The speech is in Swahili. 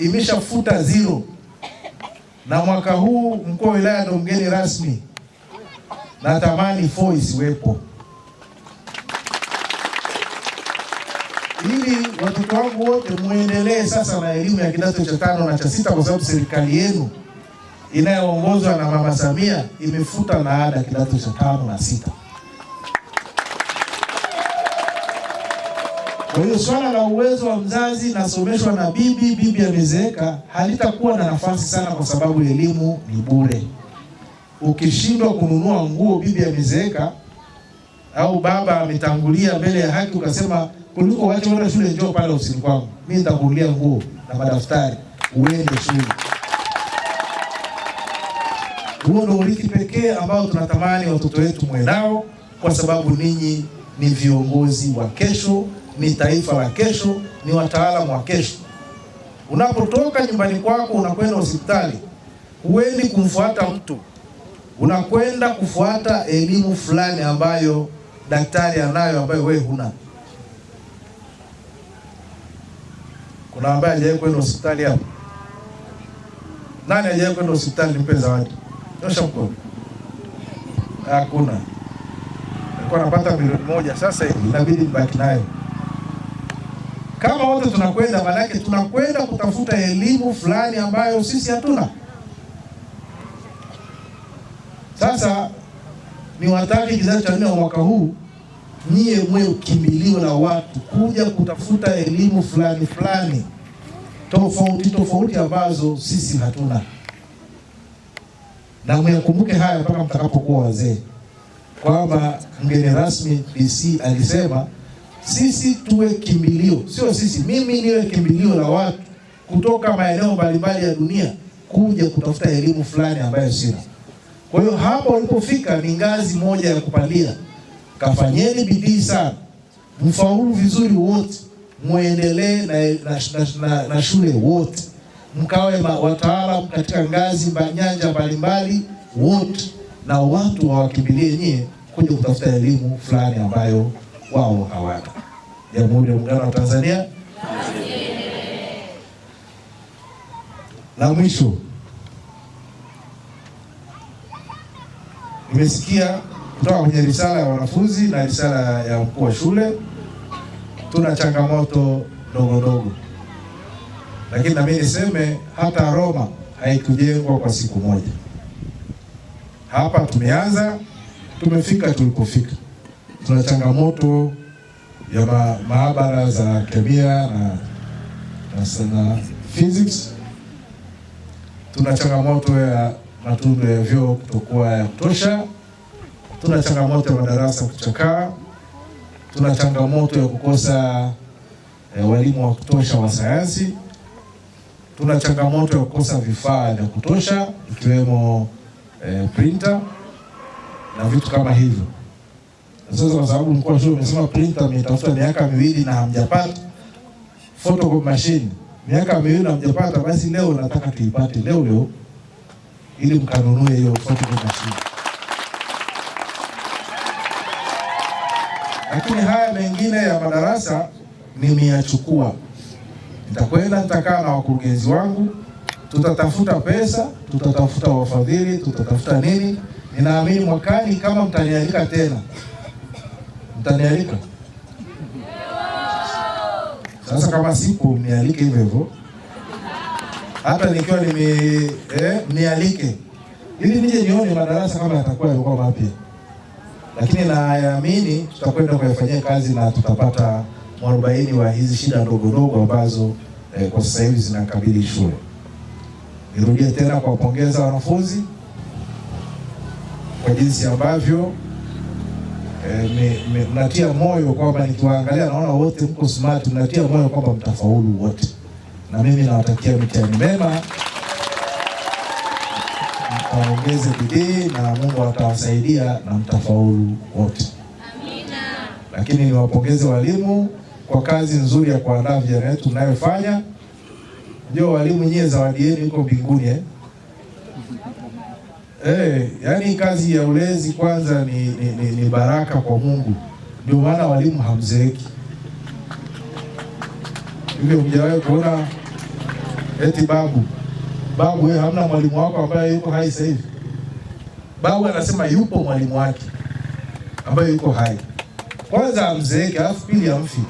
imeshafuta zero, na mwaka huu mkuu wa wilaya ndo mgeni rasmi. Natamani four isiwepo ili watoto wangu wote muendelee sasa na elimu ya kidato cha tano na cha sita, kwa sababu serikali yenu inayoongozwa na Mama Samia imefuta na ada kidato cha tano na sita. Kwa hiyo swala la uwezo wa mzazi nasomeshwa na bibi, bibi amezeeka, halitakuwa na nafasi sana, kwa sababu elimu ni bure. Ukishindwa kununua nguo, bibi amezeeka au baba ametangulia mbele ya haki, ukasema kuliko wacha uende shule, njoo pale ofisini kwangu, mimi nitakununulia nguo na madaftari uende shule. Huo ndio urithi pekee ambao tunatamani watoto wetu mwendao kwa sababu ninyi ni viongozi wa kesho ni taifa la kesho, ni wataalamu wa kesho. Unapotoka nyumbani kwako unakwenda hospitali, huendi kumfuata mtu, unakwenda kufuata elimu fulani ambayo daktari anayo ambayo wewe huna. Kuna ambaye hajawahi kwenda hospitali hapo? Nani hajawahi kwenda hospitali? Nipe zawadi, nyosha mkono. Hakuna. Alikuwa anapata milioni moja, sasa hivi inabidi nibaki nayo. Kama wote tunakwenda, maanake tunakwenda kutafuta elimu fulani ambayo sisi hatuna. Sasa ni wataki kizazi cha nne wa mwaka huu nyie mwe ukimbiliwa na watu kuja kutafuta elimu fulani fulani tofauti tofauti ambazo sisi hatuna, na mwakumbuke haya mpaka mtakapokuwa wazee, kwamba mgeni rasmi DC alisema sisi tuwe kimbilio, sio sisi, mimi niwe kimbilio la watu kutoka maeneo mbalimbali ya dunia kuja kutafuta elimu fulani ambayo sina. Kwa hiyo hapa walipofika ni ngazi moja ya kupandia. Kafanyeni bidii sana, mfaulu vizuri wote, mwendelee na, na, na, na shule wote, mkawe wataalamu katika ngazi nyanja mbalimbali wote, na watu wawakimbilie nyie kuja kutafuta elimu fulani ambayo wao hawana. Jamhuri ya Muungano wa Tanzania. La mwisho, nimesikia kutoka kwenye risala ya wanafunzi na risala ya mkuu wa shule, tuna changamoto ndogo ndogo, lakini nami niseme hata Roma haikujengwa kwa siku moja. Hapa tumeanza, tumefika tulikofika tuna changamoto ya ma, maabara za kemia na, na, sana physics. Tuna changamoto ya matundu ya vyoo kutokuwa ya kutosha. Tuna changamoto ya madarasa kuchakaa. Tuna changamoto ya kukosa eh, walimu wa kutosha wa sayansi. Tuna changamoto ya kukosa vifaa vya kutosha ikiwemo eh, printer na vitu kama hivyo. Sasa kwa sababu mkuu wa shule umesema printer mmetafuta miaka miwili na hamjapata, photocopy machine miaka miwili na hamjapata, basi leo nataka tuipate leo leo, ili mkanunue hiyo photocopy machine. Lakini haya mengine ya madarasa nimeyachukua, nitakwenda nitakaa na wakurugenzi wangu, tutatafuta pesa, tutatafuta wafadhili, tutatafuta nini. Ninaamini mwakani kama mtanialika tena mtanialika? Sasa kama sipo, mnialike hivyo hivyo, hata nikiwa nime eh, mnialike ili nije nione madarasa kama yatakuwa yalikuwa mapya, lakini naamini tutakwenda kuyafanyia kazi na tutapata mwarobaini wa hizi shida ndogo ndogo ambazo eh, kwa sasa hivi zinakabili shule. Nirudie tena kuwapongeza wanafunzi kwa jinsi ambavyo e, mnatia moyo kwamba nikiwaangalia naona wote mko smart, mnatia moyo kwamba mtafaulu wote, na mimi nawatakia mitihani mema, mkaongeze bidii na Mungu atawasaidia na mtafaulu wote. Amina. Lakini niwapongeze walimu kwa kazi nzuri ya kuandaa vijana wetu mnayofanya. Ndio walimu, nyie zawadi yenu iko mbinguni eh? Eh, yani kazi ya ulezi kwanza ni, ni, ni, ni baraka kwa Mungu. Ndio maana walimu hamzeeki. Hivyo hujawahi kuona eti babu babu, wewe eh, hamna mwalimu wako ambaye yuko hai sasa hivi? Babu anasema yupo mwalimu wake ambaye yuko hai. Kwanza hamzeeki, alafu pili amfi